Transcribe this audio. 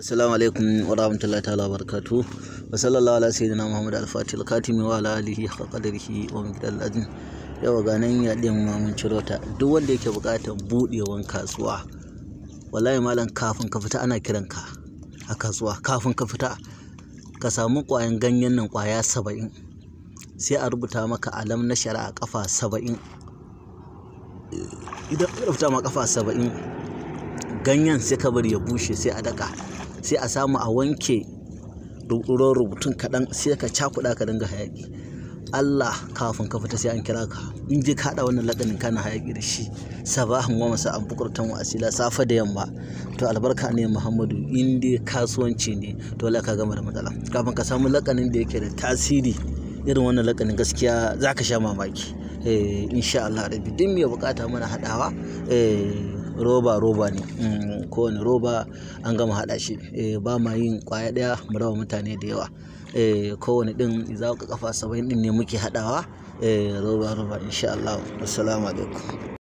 Assalamu alaikum wa rahmatullahi ta'ala wa barakatu wa sallallahu ala sayyidina Muhammad al-Fatih al-Katimi wa ala alihi haqqa qadrihi wa miqdal azim yau ga nan ya din mamun cirota duk wanda yake buƙatar budewan kasuwa wallahi malam kafin ka fita ana kiran ka a kasuwa kafin ka fita ka samu ƙwayan ganyen nan ƙwaya saba'in sai a rubuta maka alam na shari'a kafa saba'in idan ka rubuta ma kafa saba'in ganyen sai ka bari ya bushe sai a daka sai a samu a wanke ruwan rubutun kaɗan sai ka cakuɗa ka dinga hayaki Allah kafin ka fita sai an kira ka in je ka haɗa wannan laƙanin kana hayaki da shi sabahan goma sa an bukurtan wa asila safa da yamma to albarka ne Muhammadu in dai kasuwanci ne to Allah ka gama da matsala kafin ka samu lakanin da yake da tasiri irin wannan lakanin gaskiya zaka sha mamaki eh, insha Allah rabbi duk mai bukata mana haɗawa eh, roba roba ne mm. kowane roba an gama haɗa shi eh, ba ma yin kwaya ɗaya mu raba mutane da yawa eh, kowane ɗin za ka kafa saba'in ɗin ne muke haɗawa eh, roba roba insha Allah assalamu alaikum